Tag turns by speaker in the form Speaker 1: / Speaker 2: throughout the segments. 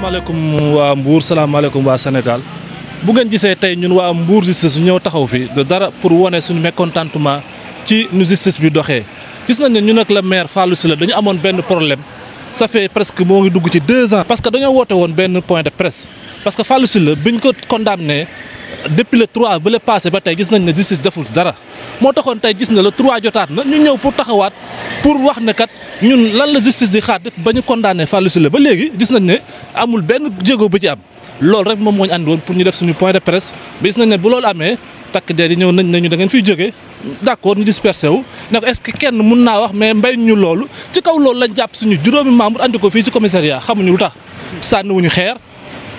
Speaker 1: salaamaaleykum waa Mbour salaamaaleykum waa Sénégal bu ngeen gisee tey ñun waa Mbour justice ñëw taxaw fii dara pour wone suñu mécontentement ci nu justice bi doxee. gis nañ ne ñu nag la maire Fallou Sylla dañu amoon benn problème ça fait presque moo ngi dugg ci deux ans. parce que dañoo woote woon benn point de presse parce que Fallou Sylla ñu ko condamné. depuis le 3 ba le passé ba tey gis nañ ne justice deful dara moo taxoon tey gis na la trois jotaat na ñu ñëw pour taxawaat pour wax ne kat ñun lan la justice di xaar ba ñu condamné Fallou Sylla ba léegi gis nañ ne amul benn jéego bu ci am. loolu rek moom moo ñu ànd woon pour ñu def suñu point de presse bi gis nañ ne bu loolu amee takk der yi ñëw nañ nañu da ngeen fiy jógee d'accord ñu dispersé wu ne ko est-ce kenn mun naa wax mais mbay ñu loolu ci kaw loolu lañ jàpp suñu juróomi membre andi ko fii ci commissariat xamuñu lu tax sànniwuñu xeer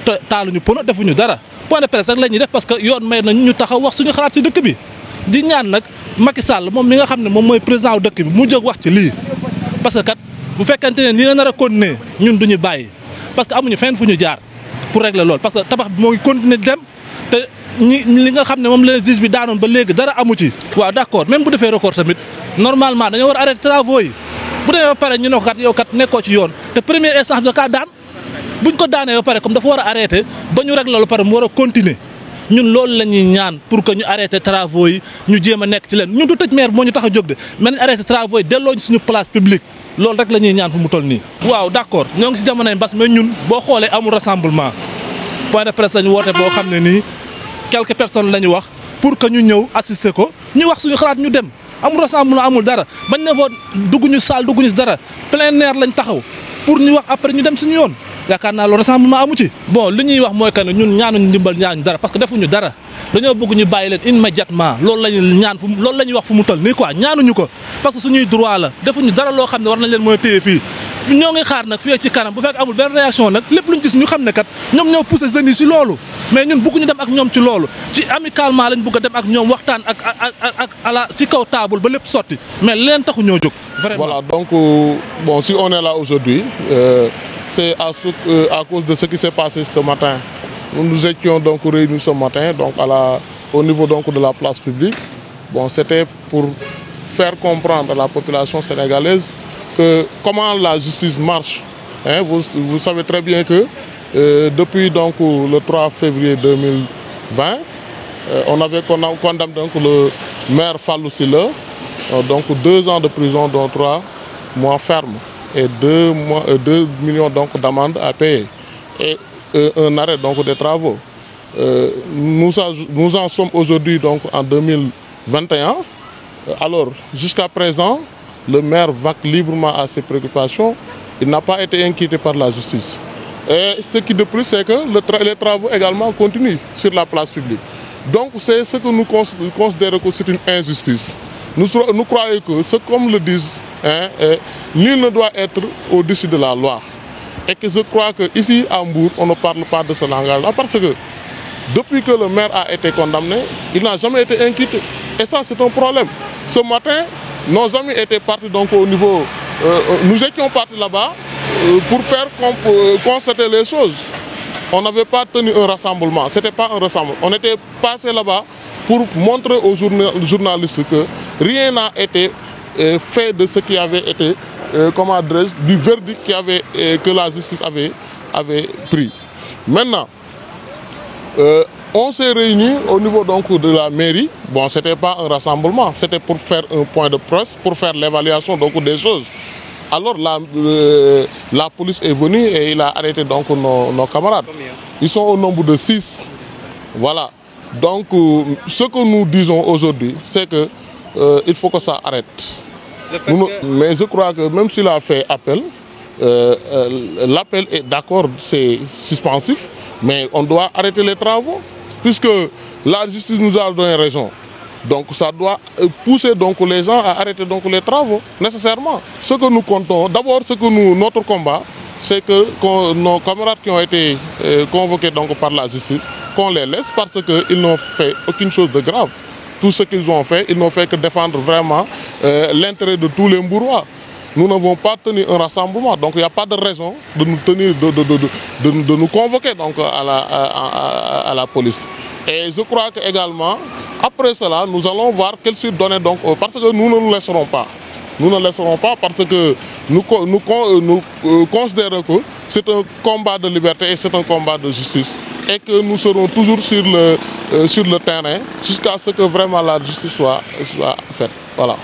Speaker 1: te taaluñu pono defuñu dara point de presse rek def parce que yoon may nañ ñu taxaw wax suñu xalaat si dëkk bi di ñaan nag Macky Sall moom mi nga xam ne moom mooy président wu dëkk bi mu jóg wax ci lii parce que kat bu fekkente ne nii la nar a continuer ñun duñu bàyyi parce que amuñu fenn fu ñu jaar pour régler loolu parce que tabax bi moo ngi continuer di dem te li nga xam ne moom la justice bi daanoon ba léegi dara amu ci waaw d'accord même bu defee record tamit normalement dañoo a arrêter travaux yi bu demee ba pare ñu ne ko kat yow kat nekkoo ci yoon buñ ko daané ba paré comme dafa wara arrêté bañu rek lolu paré pare mu war continuer ñun lolu la ñaan pour que ñu arrêté travaux yi ñu jéma a nekk ci leen ñun du tej maire mo ñu taxa jog jóg de mais arrêté travaux yi delloo ñu suñu place publique lolu rek lañuy ñaan fu mu toll ni waaw d'accord accord ñoo ngi si mais ñun bo xolé amul rassemblement point de presse ñu woté bo xamné ne quelques personnes lañu wax pour que ñu ñëw assister ko ñu wax suñu xalaat ñu dem amul rassemblement amul dara bañ ne bo dugg ñu salle dugg ñu dara plein air lañ taxaw pour ñu wax après ñu dem suñu yoon yaakaar naa loolu rassemblement amu ci bon li ñuy wax moy kan ñun ñaanuñ ndimbal ñaan dara parce que defu ñu dara dañu bëgg ñu bayilé immédiatement loolu lañu ñaan fu loolu la wax fu mu toll ni quoi ñaanu ñuko parce que suñuy droit la defu ñu dara lo xamne war nañ leen moy a fi fii ñoo ngi xaar nak fi ci kanam bu fekk amul ben réaction nak lepp luñu gis ñu xamne kat ñom ñoo pousser jeunes ci loolu mais ñun bëgg ñu dem ak ñom ci loolu ci amicalement lañ bëgg dem ak ñom waxtaan ak ak ak ala ci kaw table ba lepp sorti mais leen taxu ñoo jóg vraiment voilà donc
Speaker 2: euh, bon si on est là aujourd'hui euh c'est euh, à, cause de ce qui s'est passé ce matin. Nous nous étions donc réunis ce matin donc au niveau donc de la place publique. Bon, C'était pour faire comprendre à la population sénégalaise que comment la justice marche. Hein. vous, savez très bien que euh, depuis donc, le 3 février 2020, euh, on avait condamné donc, le maire Fallou Silla, donc deux ans de prison, dont trois mois fermes et 2, euh, millions d'amendes à payer et euh, un arrêt donc, des travaux. Euh, nous, nous en sommes aujourd'hui en 2021. Alors, jusqu'à présent, le maire va librement à ses préoccupations. Il n'a pas été inquiété par la justice. Et ce qui de plus, c'est que les travaux également continuent sur la place publique. Donc c'est ce que nous considérons que c'est une injustice. Nous, nous croyons que, ce comme le disent, hein, l'île ne doit être au-dessus de la loi. Et que je crois qu'ici, à Hambourg, on ne parle pas de ce langage-là parce que depuis que le maire a été condamné, il n'a jamais été inquiété. Et ça, c'est un problème. Ce matin, nos amis étaient partis donc au niveau... Euh, euh, nous étions partis là-bas euh, pour faire qu'on constater les choses. On n'avait pas tenu un rassemblement. Ce n'était pas un rassemblement. On était passé là-bas pour montrer aux journalistes que rien n'a été euh, fait de ce qui avait été, euh, comme adresse, du verdict qui avait, euh, que la justice avait, pris. Maintenant, on s'est réunis au niveau donc de la mairie. Bon, ce n'était pas un rassemblement, c'était pour faire un point de presse, pour faire l'évaluation donc des choses. Alors la, police est venue et il a arrêté donc nos, nos camarades. Ils sont au nombre de six. Voilà. Donc, euh, ce que nous disons aujourd'hui, c'est qu'il euh, il faut que ça arrête. Mais je crois que même s'il a fait appel, euh, l'appel est d'accord, c'est suspensif, mais on doit arrêter les travaux, puisque la justice nous a donné raison. Donc ça doit pousser donc les gens à arrêter donc les travaux, nécessairement. Ce que nous comptons, d'abord ce que nous, notre combat, c'est que, que nos camarades qui ont été convoqués donc par la justice qu'on les laisse parce qu'ils n'ont fait aucune chose de grave. Tout ce qu'ils ont fait, ils n'ont fait que défendre vraiment euh, l'intérêt de tous les Mbourois. Nous n'avons pas tenu un rassemblement, donc il n'y a pas de raison de nous tenir, de, nous convoquer donc, à, la, police. Et je crois que également, après cela, nous allons voir quelle suite donner donc, euh, parce que nous ne nous laisserons pas. Nous ne laisserons pas parce que nous euh, considérons que c'est un combat de liberté et c'est un combat de justice et que nous serons toujours sur le, euh, sur le terrain jusqu'à ce que vraiment la justice soit, soit faite. Voilà.